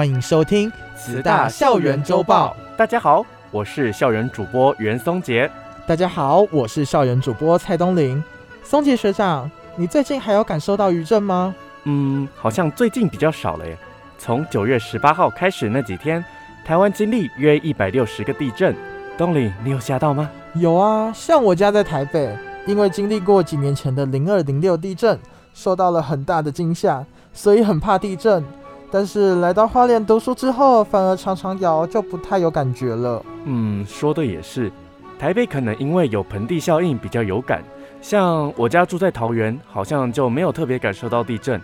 歡迎收聽慈大校園週報。大、大家好，我是校園主播袁崧傑。大家好，我是校園主播蔡東霖。崧傑學長，你最近還有感受到餘震嗎？嗯，好像最近比較少了耶。從九月十八號開始那幾天，台灣經歷約一百六十個地震。東霖，你有嚇到嗎？有啊，像我家在台北，因為經歷過幾年前的零二零六地震，受到了很大的驚嚇，所以很怕地震。但是來到花蓮讀書之後，反而常常搖就不太有感覺了。嗯，說的也是。台北可能因為有盆地效應比較有感，像我家住在桃園，好像就沒有特別感受到地震。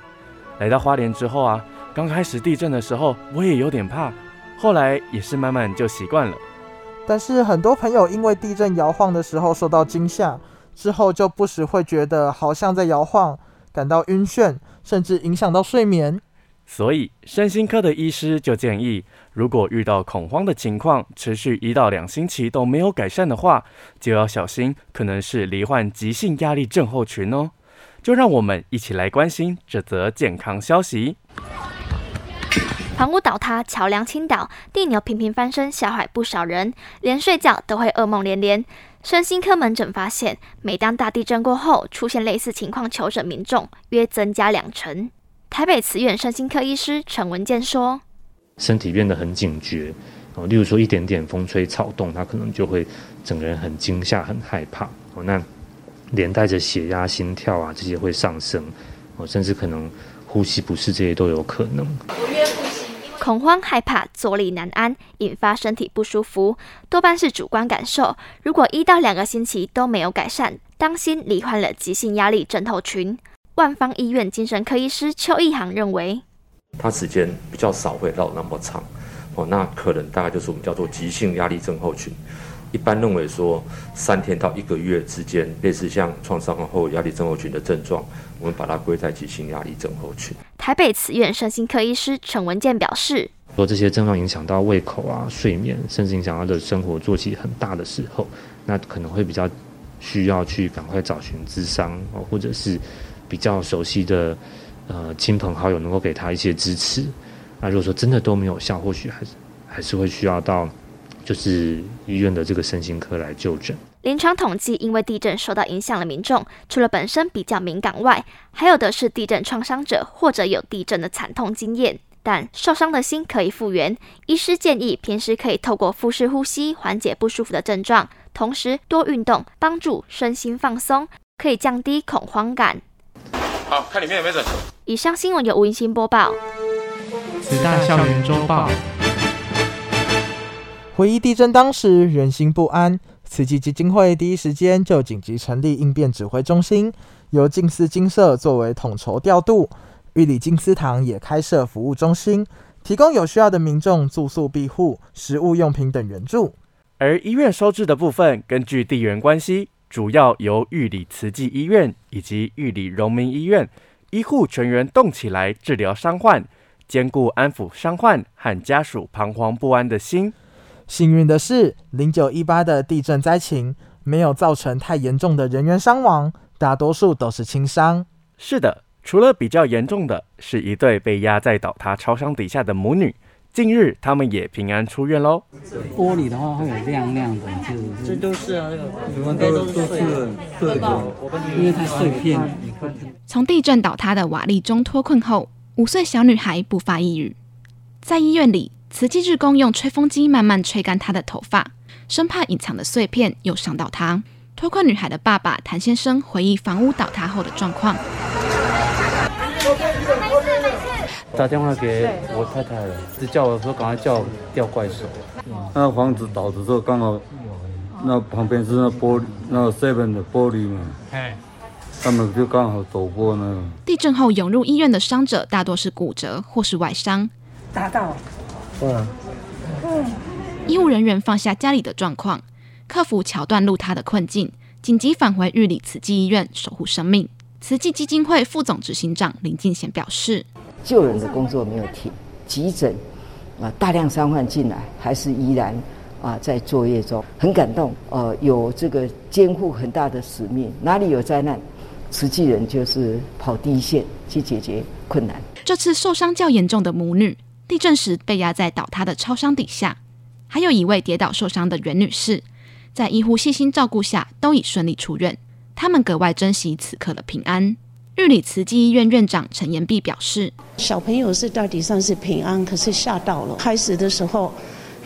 來到花蓮之後啊，剛開始地震的時候我也有點怕，後來也是慢慢就習慣了。但是很多朋友因為地震搖晃的時候受到驚嚇，之後就不時會覺得好像在搖晃，感到暈眩，甚至影響到睡眠。所以，身心科的醫師就建議，如果遇到恐慌的情況，持續一到兩星期都沒有改善的話，就要小心，可能是罹患急性壓力症候群哦。就讓我們一起來關心這則健康消息。房屋倒塌、橋梁傾倒、地牛頻頻翻身，嚇壞不少人，連睡覺都會噩夢連連。身心科門診發現，每當大地震過後，出現類似情況求診民眾約增加兩成。臺北慈院身心科醫師陳文健說：“身體變得很警覺哦，例如說一點點風吹草動，他可能就會整個人很驚嚇、很害怕哦。那連帶着血壓、心跳啊這些會上升哦，甚至可能呼吸不適，這些都有可能。恐慌、害怕、坐立難安，引發身體不舒服，多半是主觀感受。如果一到兩個星期都沒有改善，當心罹患了急性壓力症候群。”萬方醫院精神科醫師邱一航認為，他時間比較少會繞那麼長哦，那可能大概就是我們叫做急性壓力症候群。一般認為說，三天到一個月之間，類似像創傷後壓力症候群的症狀，我們把它歸在急性壓力症候群。台北慈院身心科醫師陳文健表示，若這些症狀影響到胃口啊、睡眠、甚至影響他的生活作息很大的時候，那可能會比較需要去趕快找尋諮商，哦，或者是。比較熟悉的呃親朋好友能夠給他一些支持。那、啊、如果說真的都沒有效，或許還是還是會需要到就是醫院的這個身心科來就診。臨床統計，因為地震受到影響的民眾，除了本身比較敏感外，還有的是地震創傷者或者有地震的慘痛經驗。但受傷的心可以復原。醫師建議，平時可以透過腹式呼吸緩解不舒服的症狀，同時多運動，幫助身心放鬆，可以降低恐慌感。好，看裡面有沒有人。以上新聞由吳盈欣播報。慈大校園週報。回憶地震當時，人心不安。慈濟基金會第一時間就緊急成立應變指揮中心，由靜思精舍作為統籌調度，玉里靜思堂也開設服務中心，提供有需要的民眾住宿庇護、食物用品等援助。而醫院收治的部分，根據地緣關係。主要由玉里慈濟醫院以及玉里榮民醫院醫護全員動起來治療傷患，兼顧安撫傷患和家屬彷徨不安的心。幸運的是，零九一八的地震災情沒有造成太嚴重的人員傷亡，大多數都是輕傷。是的，除了比較嚴重的，是一對被壓在倒塌超商底下的母女。近日，他們也平安出院嘍。玻璃的話會有亮亮的，就是、這都是啊，很多、這個、都做錯都碎的，對吧？因為太碎片。從地震倒塌的瓦礫中脫困後，五歲小女孩不發一語。在醫院裡，慈濟志工用吹風機慢慢吹乾她的頭髮，生怕隱藏的碎片又傷到她。脫困女孩的爸爸譚先生回憶房屋倒塌後的狀況。 打電話給我太太了，就叫我說趕快叫調怪手。那房子倒的時候剛好，那旁邊是那玻璃那7的玻璃嘛，嘿他們就剛好走過呢、那個。地震後湧入醫院的傷者大多是骨折或是外傷，砸到。啊、嗯。嗯。醫務人員放下家裡的狀況，克服橋斷路塌的困境，緊急返回玉里慈濟醫院守護生命。慈濟基金會副總執行長林敬賢表示。救人的工作沒有停，急診啊、呃，大量傷患進來，還是依然啊、呃、在作業中，很感動。呃，有這個肩負很大的使命，哪裡有災難，慈濟人就是跑第一線去解決困難。這次受傷較嚴重的母女，地震時被壓在倒塌的超商底下，還有一位跌倒受傷的袁女士，在醫護細心照顧下，都已順利出院。他們格外珍惜此刻的平安。日裡慈濟醫院院，院長陳延碧表示：“小朋友是到底算是平安，可是嚇到了。開始的時候，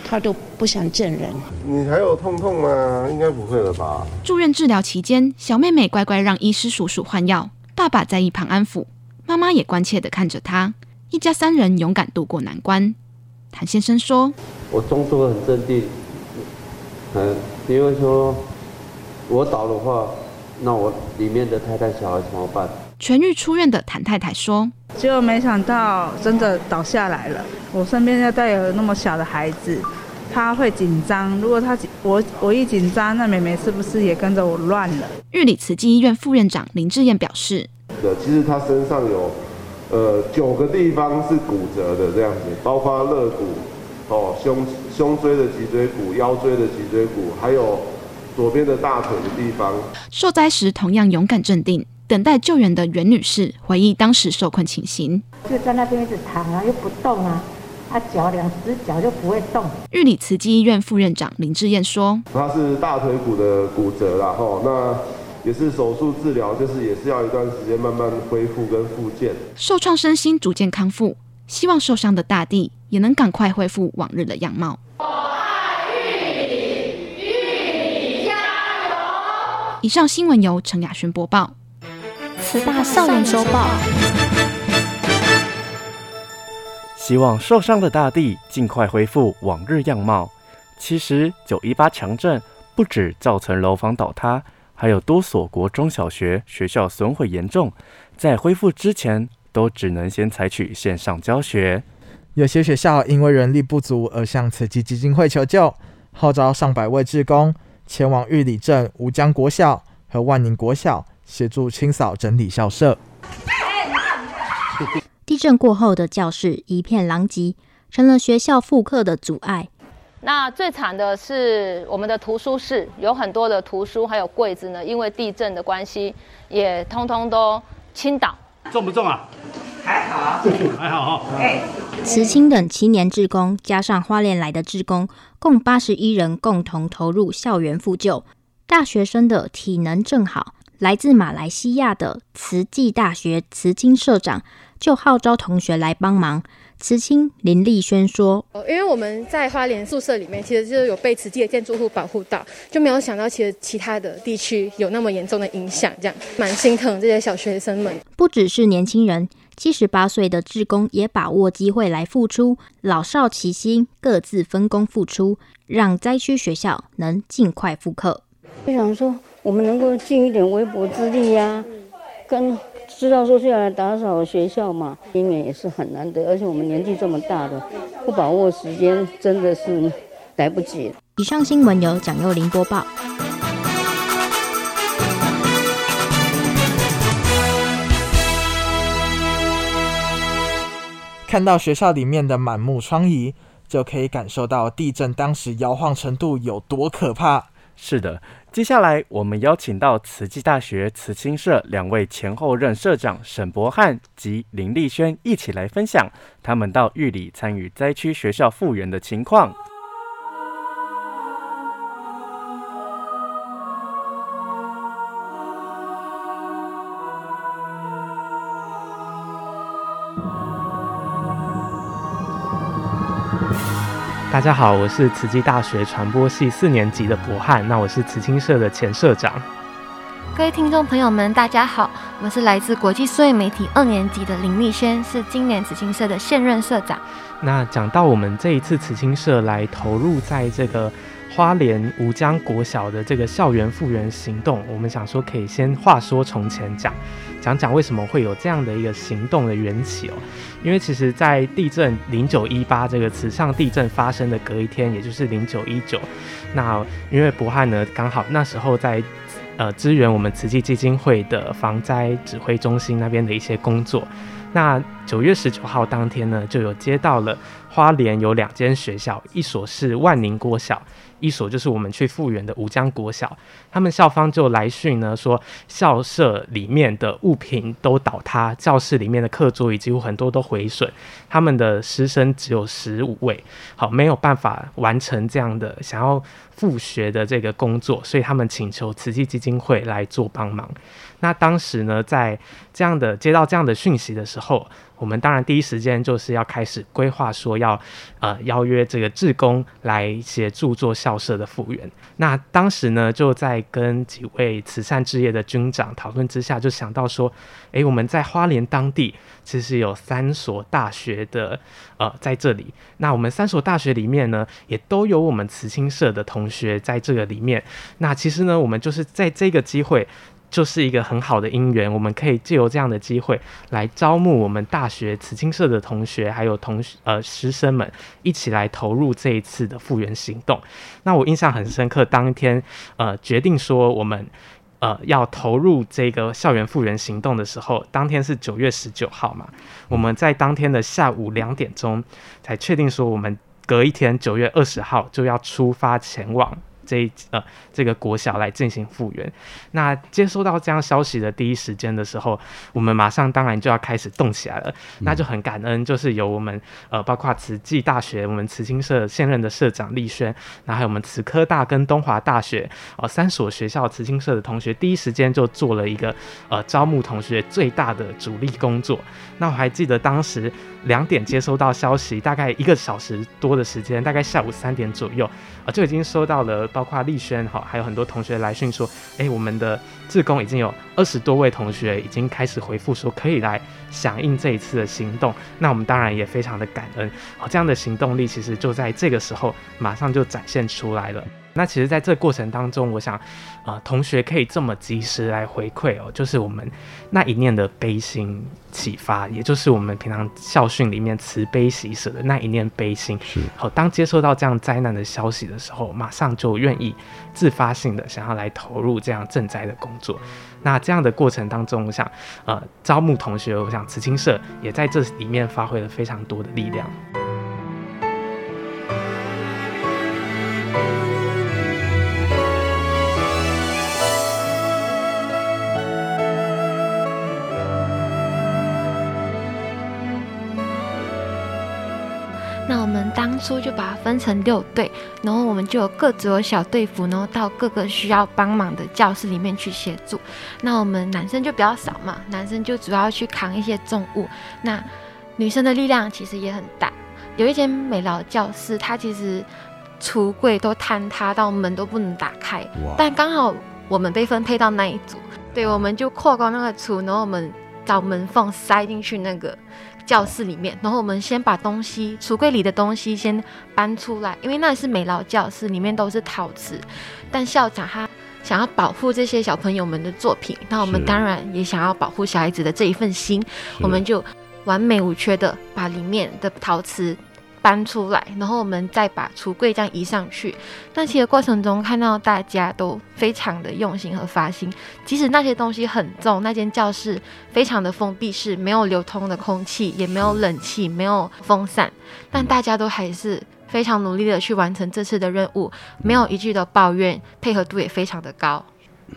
他都不想見人。你還有痛痛嗎？應該不會了吧？”住院治療期間，小妹妹乖乖讓醫師叔叔換藥，爸爸在一旁安撫，媽媽也關切地看着他。一家三人勇敢度過難關。譚先生說：“我中途很鎮定，嗯，因為說我倒的話，那我裡面的太太、小孩怎麼辦？”痊癒出院的譚太太說：“就沒想到真的倒下來了。我身邊要帶有那麼小的孩子，他會緊張。如果他緊，我我一緊張，那妹妹是不是也跟着我亂了？”玉里慈濟醫院副院長林志燕表示：“其實他身上有呃九個地方是骨折的，這樣子，包括肋骨，哦，胸胸椎的脊椎骨，腰椎的脊椎骨，還有左邊的大腿的地方。”受災時同樣勇敢鎮定。等待救援的袁女士回憶當時受困情形，就在那邊一直躺啊，又不動啊，她腳兩隻腳就不會動。玉里慈濟醫院副院長林志燕說：“她是大腿骨的骨折然後，那也是手術治療，就是也是要一段時間慢慢恢復跟復健。受創身心逐漸康復，希望受傷的大地也能趕快恢復往日的樣貌。我愛玉里，玉里加油！以上新聞由程雅焄播報。”慈大校園週報。希望受傷的大地儘快恢復往日樣貌。其實九一八強震不止造成樓房倒塌，還有多所國中小學學校損毀嚴重，在恢復之前都只能先採取線上教學。有些學校因為人力不足而向慈濟基金會求救，號召上百位志工前往玉里鎮吳江國小和萬寧國小。協助清掃整理校舍。 地震過後的教室一片狼藉，成了學校復課的阻礙。那最慘的是我們的圖書室，有很多的圖書還有櫃子呢，因為地震的關係，也通通都傾倒。重不重啊？還好、啊， 還好哦、啊。慈、啊、青等青年志工，加上花蓮來的志工，共八十一人共同投入校園復舊。大學生的體能正好。來自馬來西亞的慈濟大學慈青社長就號召同學來幫忙。慈青林俐萱說：“哦，因為我們在花蓮宿舍裡面，其實就有被慈濟的建築物保護到，就沒有想到其實其他的地區有那麼嚴重的影響，這樣蠻心疼這些小學生們。不只是年輕人，七十八歲的志工也把握機會來付出，老少齊心，各自分工付出，讓災區學校能盡快復課。”我想說。我們能夠盡一點微薄之力呀、啊，跟知道說是要來打掃學校嘛，因為也是很難得，而且我們年紀這麼大的，不把握時間真的是來不及。以上新聞由蔣宥羚播報。看到學校裡面的滿目瘡痍，就可以感受到地震當時搖晃程度有多可怕。是的，接下來我們邀請到慈濟大學慈青社兩位前後任社長沈柏漢及林俐萱一起來分享他們到玉裡參與災區學校復原的情況。大家好，我是慈濟大學傳播系四年級的柏漢，那我是慈青社的前社長。各位聽眾朋友們，大家好，我是來自國際數位媒體二年級的林俐萱，是今年慈青社的現任社長。那講到我們這一次慈青社來投入在這個。花蓮吳江國小的這個校園復原行動，我們想說可以先話說從前講，講講為什麼會有這樣的一個行動的緣起哦。因為其實，在地震零九一八這個池上地震發生的隔一天，也就是零九一九，那因為柏漢呢剛好那時候在，呃支援我們慈濟基金會的防災指揮中心那邊的一些工作。那九月十九號當天呢，就有接到了花蓮有兩間學校，一所是萬寧國小。一所就是我們去復原的吳江國小，他們校方就來訊呢說，校舍裡面的物品都倒塌，教室裡面的課桌椅幾乎很多都毀損，他們的師生只有十五位，好，沒有辦法完成這樣的想要復學的這個工作，所以他們請求慈濟基金會來做幫忙。那當時呢，在這樣的接到這樣的訊息的時候，我們當然第一時間就是要開始規劃，說要呃邀約這個志工來協助做校舍的復原。那當時呢，就在跟幾位慈善志業的軍長討論之下，就想到說，哎、欸，我們在花蓮當地其實有三所大學的呃在這裡，那我們三所大學裡面呢，也都有我們慈青社的同學在這個裡面。那其實呢，我們就是在這個機會。就是一個很好的因緣，我們可以借由這樣的機會來招募我們大學慈青社的同學，還有同學呃師生們一起來投入這一次的復原行動。那我印象很深刻，當天呃決定說我們呃要投入這個校園復原行動的時候，當天是九月十九號嘛，我們在當天的下午兩點鐘才確定說我們隔一天九月二十號就要出發前往。這一呃，這個國小來進行復原。那接收到這樣消息的第一時間的時候，我們馬上當然就要開始動起來了。那就很感恩，就是由我們呃，包括慈濟大學、我們慈青社現任的社長俐萱，然後還有我們慈科大跟東華大學啊、呃、三所學校慈青社的同學，第一時間就做了一個呃招募同學最大的主力工作。那我還記得當時兩點接收到消息，大概一個小時多的時間，大概下午三點左右啊、呃、就已經收到了。包括俐萱好，還有很多同學來訊說，誒、欸，我們的志工已經有二十多位同學已經開始回復說，可以來響應這一次的行動。那我們當然也非常的感恩，好，這樣的行動力其實就在這個時候馬上就展現出來了。那其實，在這過程當中，我想，啊、呃，同學可以這麼及時來回饋哦、喔，就是我們那一念的悲心啟發，也就是我們平常校訓裡面慈悲喜捨的那一念悲心。好是、喔，當接收到這樣災難的消息的時候，馬上就願意自發性的想要來投入這樣賑災的工作。那這樣的過程當中，我想，呃，招募同學，我想慈青社也在這裡面發揮了非常多的力量。初就把它分成六隊，然後我們就有各組小隊服，然後到各個需要幫忙的教室裡面去協助。那我們男生就比較少嘛，男生就主要去扛一些重物。那女生的力量其實也很大。有一間美勞教室，它其實櫥櫃都坍塌到門都不能打開，哇但剛好我們被分配到那一組，對，我們就擴高那個櫥，然後我們找門縫塞進去那個。教室裡面，然後我們先把東西，櫥櫃裡的東西先搬出來，因為那是美勞教室，裡面都是陶瓷。但校長他想要保護這些小朋友們的作品，那我們當然也想要保護小孩子的這一份心，是我們就完美無缺的把裡面的陶瓷。搬出來，然後我們再把櫥櫃這樣移上去。但其實過程中看到大家都非常的用心和發心，即使那些東西很重，那間教室非常的封閉式，沒有流通的空氣，也沒有冷氣，沒有風扇，但大家都還是非常努力的去完成這次的任務，沒有一句的抱怨，配合度也非常的高。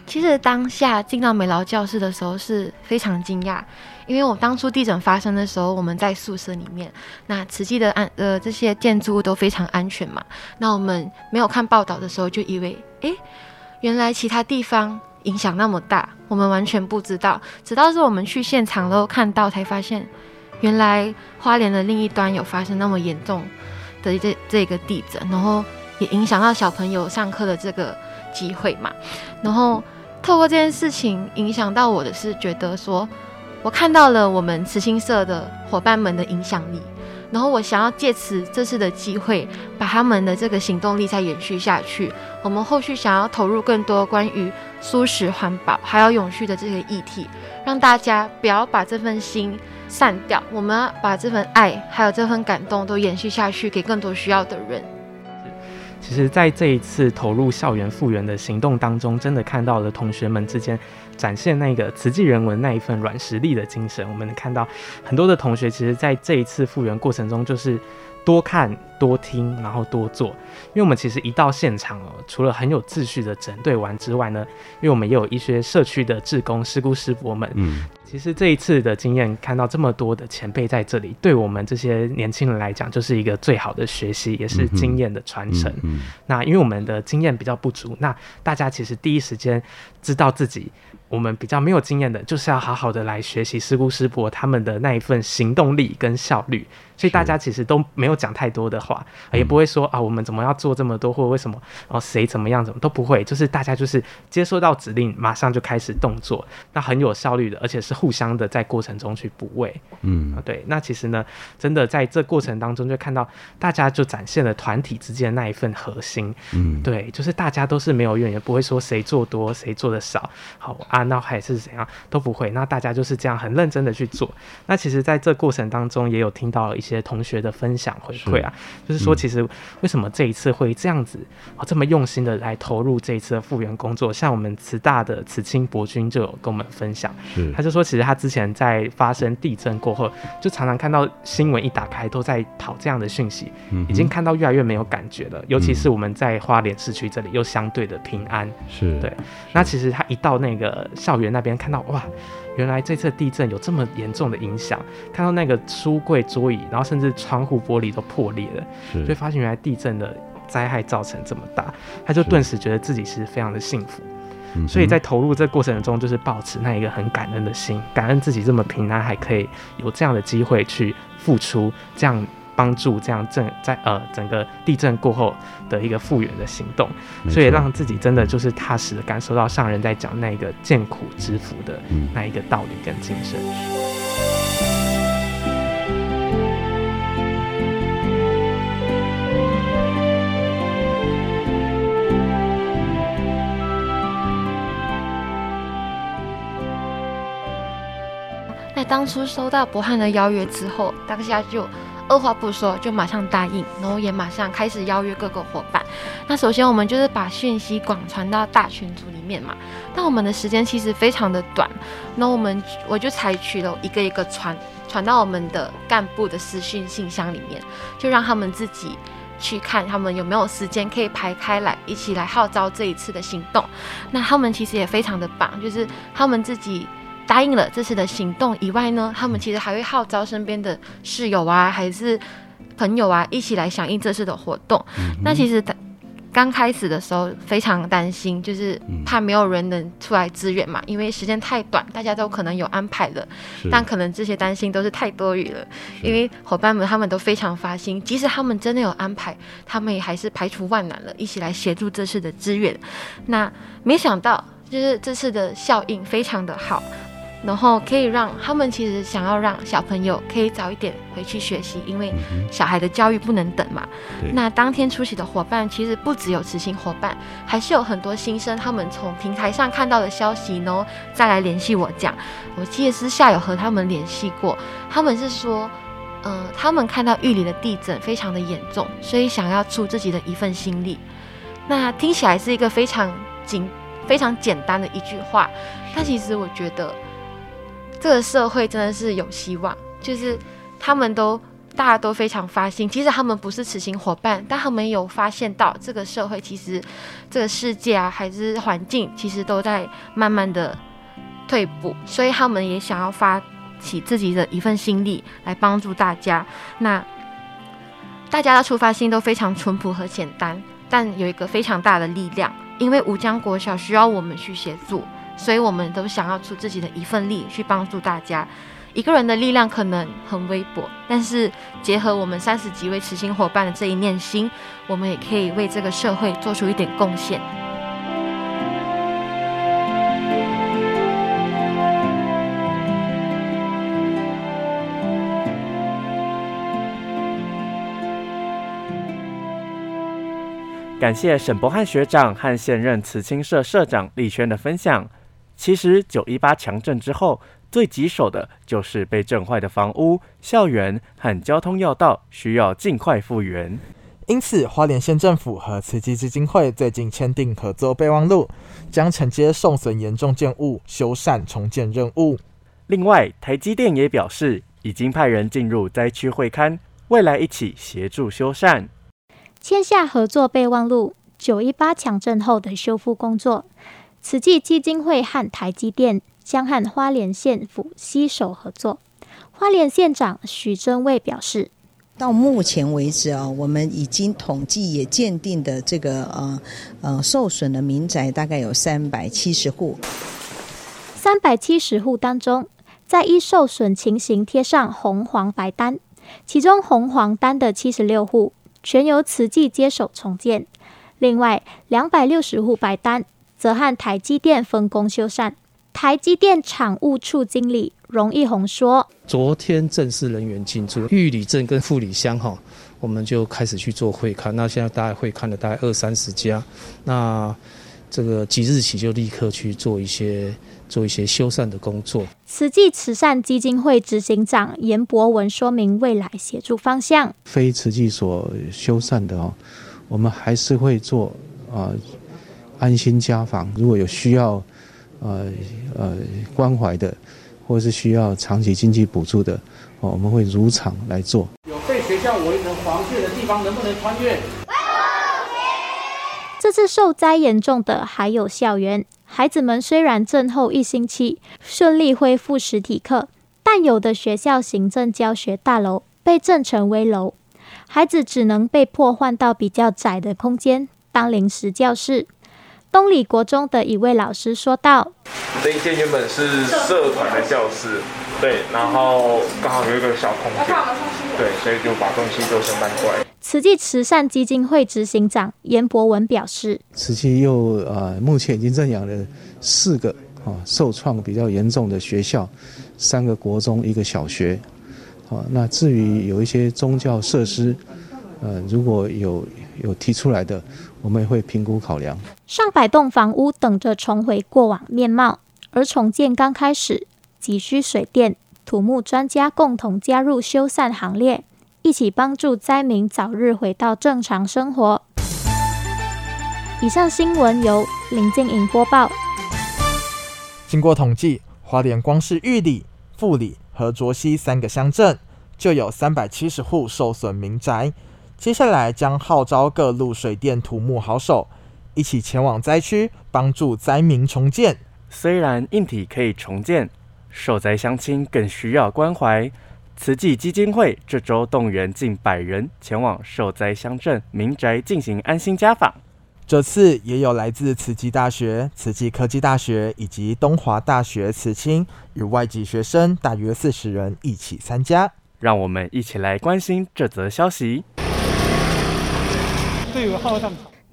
其實當下進到美勞教室的時候是非常驚訝。因為我當初地震發生的時候，我們在宿舍裡面，那慈濟的安呃這些建築物都非常安全嘛。那我們沒有看報道的時候，就以為哎，原來其他地方影響那麼大，我們完全不知道。直到是我們去現場都看到才發現，原來花蓮的另一端有發生那麼嚴重的這這個地震，然後也影響到小朋友上課的這個機會嘛。然後透過這件事情影響到我的是覺得說。我看到了我們慈青社的伙伴們的影響力，然後我想要借此這次的機會，把他們的這個行動力再延續下去。我們後續想要投入更多關於素食、環保還有永續的這些議題，讓大家不要把這份心散掉，我們要把這份愛還有這份感動都延續下去，給更多需要的人。其實，在這一次投入校園復原的行動當中，真的看到了同學們之間展現那個慈濟人文那一份軟實力的精神。我們能看到很多的同學，其實在這一次復原過程中，就是多看、多聽，然後多做。因為我們其實一到現場哦，除了很有秩序的整隊完之外呢，因為我們也有一些社區的志工師姑師伯們，嗯。其實這一次的經驗，看到這麼多的前輩在這裡，對我們這些年輕人來講，就是一個最好的學習，也是經驗的傳承。嗯嗯、那因為我們的經驗比較不足，那大家其實第一時間知道自己，我們比較沒有經驗的，就是要好好的來學習師姑師伯他們的那一份行動力跟效率。所以大家其實都沒有講太多的話，嗯、哼也不會說啊，我們怎麼要做這麼多，或為什麼，然後誰怎麼樣，怎麼都不會。就是大家就是接收到指令，馬上就開始動作，那很有效率的，而且是。互相的在過程中去補位，嗯啊，對，那其實呢，真的在這過程當中就看到大家就展現了團體之間的那一份核心，嗯，對，就是大家都是沒有怨言，不會說誰做多誰做的少，好啊，那還是怎樣都不會，那大家就是這樣很認真的去做。那其實在這過程當中也有聽到一些同學的分享回饋啊，是就是說其實為什麼這一次會這樣子啊、嗯、這麼用心的來投入這一次的復原工作？像我們慈大的慈青柏漢就有跟我們分享，嗯是，他就說。其實他之前在發生地震過後，就常常看到新聞一打開都在跑這樣的訊息，嗯、哼已經看到越來越沒有感覺了。尤其是我們在花蓮市區這裡又相對的平安，是對。是那其實他一到那個校園那邊，看到哇，原來這次地震有這麼嚴重的影響，看到那個書櫃、桌椅，然後甚至窗戶玻璃都破裂了，是就發現原來地震的災害造成這麼大，他就頓時覺得自己是非常的幸福。所以在投入這過程中，就是抱持那一個很感恩的心，感恩自己這麼平安，還可以有這樣的機會去付出，這樣幫助，這樣正在呃整個地震過後的一個復原的行動，所以讓自己真的就是踏實的感受到上人在講那一個見苦知福的那一個道理跟精神。當初收到柏漢的邀約之後，當下就二話不說就馬上答應，然後也馬上開始邀約各個夥伴。那首先我們就是把訊息廣傳到大群組裡面嘛。但我們的時間其實非常的短，那我們我就採取了一個一個傳，傳到我們的幹部的私訊信箱裡面，就讓他們自己去看他們有沒有時間可以排開來一起來號召這一次的行動。那他們其實也非常的棒，就是他們自己。答應了這次的行動以外呢，他們其實還會號召身邊的室友啊，還是朋友啊，一起來響應這次的活動。嗯嗯那其實他剛開始的時候非常擔心，就是怕沒有人能出來支援嘛，嗯、因為時間太短，大家都可能有安排了。是但可能這些擔心都是太多餘了，是因為伙伴們他們都非常發心，即使他們真的有安排，他們也還是排除萬難了一起來協助這次的支援。那沒想到，就是這次的效應非常的好。然後可以讓他們其實想要讓小朋友可以早一點回去學習，因為小孩的教育不能等嘛。嗯、哼那當天出席的夥伴其實不只有慈青夥伴，還是有很多新生，他們從平台上看到的消息，然後再來聯繫我講。我記得私下有和他們聯繫過，他們是說，嗯、呃，他們看到玉里的地震非常的嚴重，所以想要出自己的一份心力。那聽起來是一個非常簡、非常簡單的一句話，但其實我覺得。這個社會真的是有希望，就是他們都大家都非常發心。其實他們不是慈青夥伴，但他們有發現到這個社會其實這個世界啊，還是環境其實都在慢慢的退步，所以他們也想要發起自己的一份心力來幫助大家。那大家的出發心都非常淳樸和簡單，但有一個非常大的力量，因為吳江國小需要我們去協助。所以我們都想要出自己的一份力去幫助大家。一個人的力量，可能很微薄，但是結合我們三十幾位慈心夥伴的這一念心，我們也可以為這個社會做出一點貢獻。感謝沈柏漢學長和現任慈青社社長俐萱的分享。其實，九一八強震之後，最棘手的就是被震壞的房屋、校園和交通要道，需要盡快復原。因此，花蓮縣政府和慈濟基金會最近簽訂合作備忘錄，將承接受損嚴重建物修繕重建任務。另外，台積電也表示，已經派人進入災區會勘，未來一起協助修繕。簽下合作備忘錄，九一八強震後的修復工作。慈濟基金會和台積電將和花蓮縣府攜手合作。花蓮縣長徐榛蔚表示：“到目前為止啊、哦，我們已經統計也鑑定的這個呃呃受損的民宅大概有三百七十戶。三百七十戶當中，在一受損情形貼上紅黃白單，其中紅黃單的七十六戶全由慈濟接手重建，另外兩百六十戶白單。”則和台積電分工修繕。台積電廠務處經理榮毅宏說：“昨天正式人員進駐玉里鎮跟富里鄉，哈，我們就開始去做會勘。那現在大概會勘了大概二三十家，那這個即日起就立刻去做一些做一些修繕的工作。”慈濟慈善基金會執行長嚴博文說明未來協助方向：非慈濟所修繕的哦，我們還是會做啊。呃安心家訪，如果有需要，呃呃關懷的，或是需要長期經濟補助的，呃，我們會如常來做。有被學校圍成黃線的地方，能不能穿越？這次受災嚴重的還有校園，孩子們雖然震後一星期順利恢復實體課，但有的學校行政教學大樓被震成危樓，孩子只能被迫換到比較窄的空間當臨時教室。東里國中的一位老師說道：“這一間原本是社團的教室，對，然後剛好有一個小空間，對，所以就把東西都先搬過來。”慈濟慈善基金會執行長顏博文表示：“慈濟又呃，目前已經認養了四個啊、呃，受創比較嚴重的學校，三個國中，一個小學。呃、那至於有一些宗教設施，呃，如果有有提出來的。”我們也會評估考量。上百棟房屋等着重回過往面貌，而重建剛開始，急需水電、土木專家共同加入修繕行列，一起幫助災民早日回到正常生活。以上新聞由林靜瑩播報。經過統計，花蓮光是玉里、富里和卓溪三個鄉鎮，就有三百七十戶受損民宅。接下來將號召各路水電土木好手一起前往災區，幫助災民重建。雖然硬體可以重建，受災鄉親更需要關懷。慈濟基金會這周動員近百人前往受災鄉鎮民宅進行安心家訪。這次也有來自慈濟大學、慈濟科技大學以及東華大學慈青與外籍學生大約四十人一起參加。讓我們一起來關心這則消息。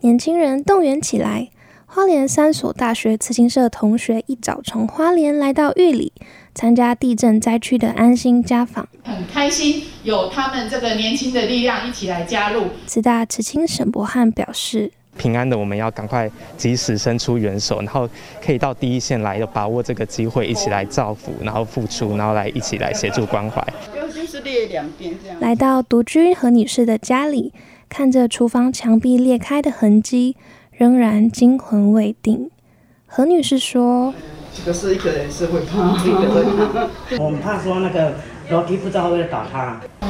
年輕人動員起來，花蓮三所大學慈青社同學一早從花蓮來到玉里，參加地震災區的安心家訪。很開心有他們這個年輕的力量一起來加入。慈大慈青沈柏漢表示：平安的我們要趕快及時伸出援手，然後可以到第一線來，要把握這個機會一起來造福，然後付出，然後來一起來協助關懷。是兩這來到獨居何女士的家裡。看着廚房牆壁裂開的痕迹，仍然驚魂未定。何女士說：“這個是一個人是會怕的，我們怕說那個樓梯不知道會不會倒塌。嗯”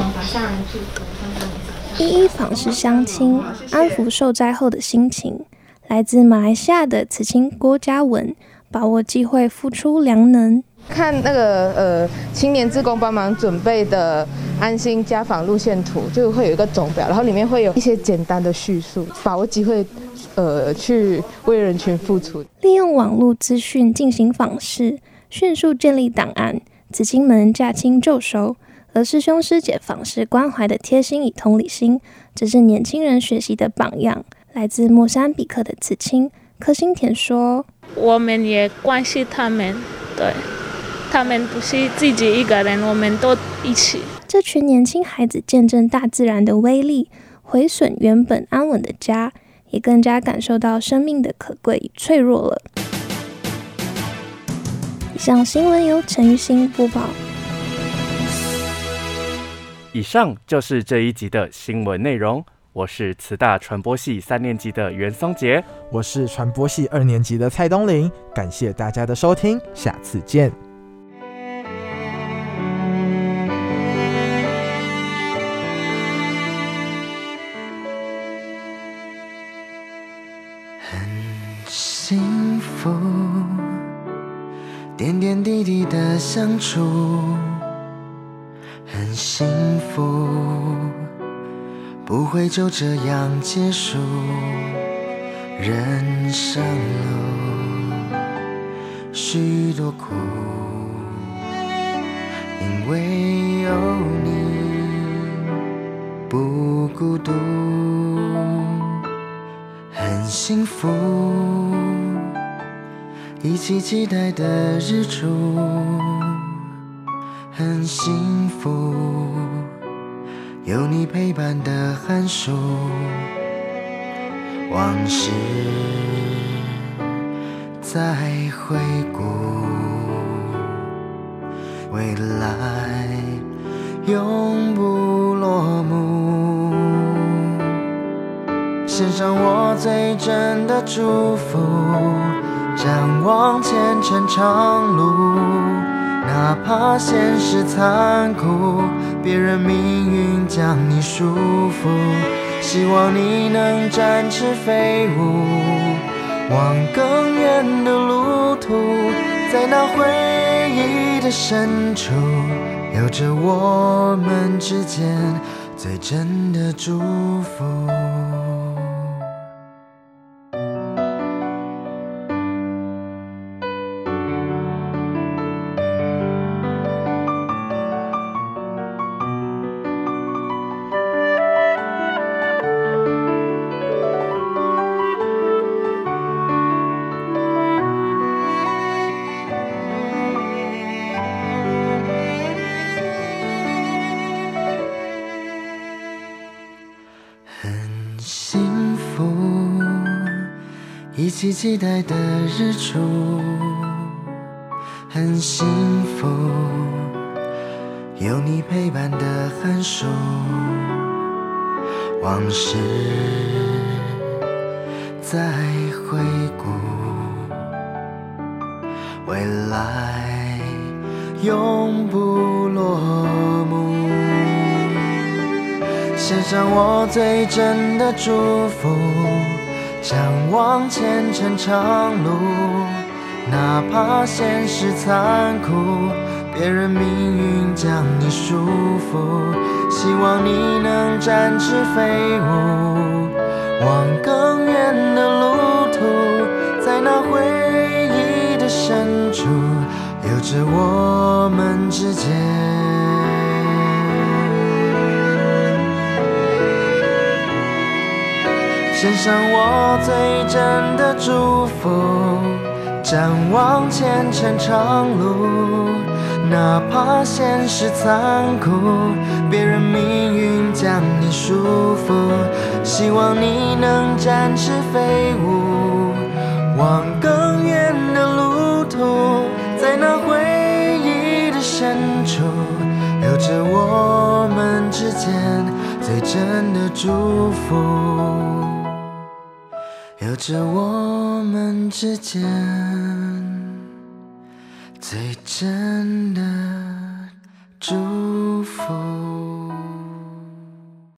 一一訪視鄉親，安撫受災後的心情。來自馬來西亞的慈青郭嘉文，把握機會付出良能。看那個呃，青年志工幫忙準備的安心家訪路線圖，就會有一個總表，然後裡面會有一些簡單的敘述，把握機會，呃，去為人群付出，利用網絡資訊進行訪視，迅速建立檔案。慈青們駕輕就熟，而師兄師姐訪視關懷的貼心與同理心，這是年輕人學習的榜樣。來自莫三比克的慈青柯星田說：“我們也關心他們，對。”他們不是自己一個人，我們都一起。這群年輕孩子見證大自然的威力，毀損原本安穩的家，也更加感受到生命的可貴與脆弱了。以上新聞由陳昱欣播報。以上就是這一集的新聞內容。我是慈大傳播系三年級的袁崧傑，我是傳播系二年級的蔡東霖。感謝大家的收聽，下次見。點點滴滴的相處，很幸福，不會就這樣結束。人生路許多苦，因為有你不孤獨，很幸福。一起期待的日出，很幸福。有你陪伴的寒暑，往事再回顧，未來永不落幕。獻上我最真的祝福。展望前程長路，哪怕現實殘酷，別人命運將你束縛。希望你能展翅飛舞，往更遠的路途，在那回憶的深處，有着我們之間最真的祝福。一起期待的日出，很幸福。有你陪伴的寒暑，往事再回顧，未來永不落幕。獻上我最真的祝福。嚮往前程長路，哪怕現實殘酷，別人命運將你束縛，希望你能展翅飛舞，往更遠的路途。帶上我最真的祝福，展望前程長路，哪怕現實殘酷，別讓命運將你束縛。希望你能展翅飛舞，往更遠的路途，在那回憶的深處，留着我們之間最真的祝福。着我們之間。